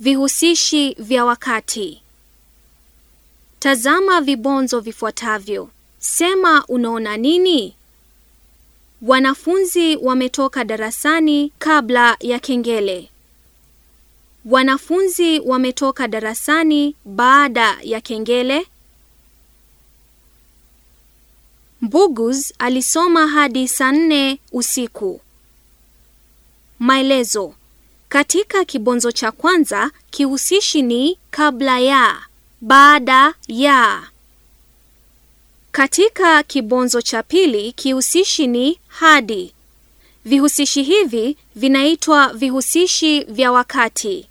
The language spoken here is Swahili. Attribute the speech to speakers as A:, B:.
A: Vihusishi vya wakati. Tazama vibonzo vifuatavyo. Sema unaona nini? Wanafunzi wametoka darasani kabla ya kengele. Wanafunzi wametoka darasani baada ya kengele. Mbuguz alisoma hadi saa nne usiku. Maelezo. Katika kibonzo cha kwanza kihusishi ni kabla ya, baada ya. Katika kibonzo cha pili kihusishi ni hadi. Vihusishi hivi vinaitwa vihusishi vya wakati.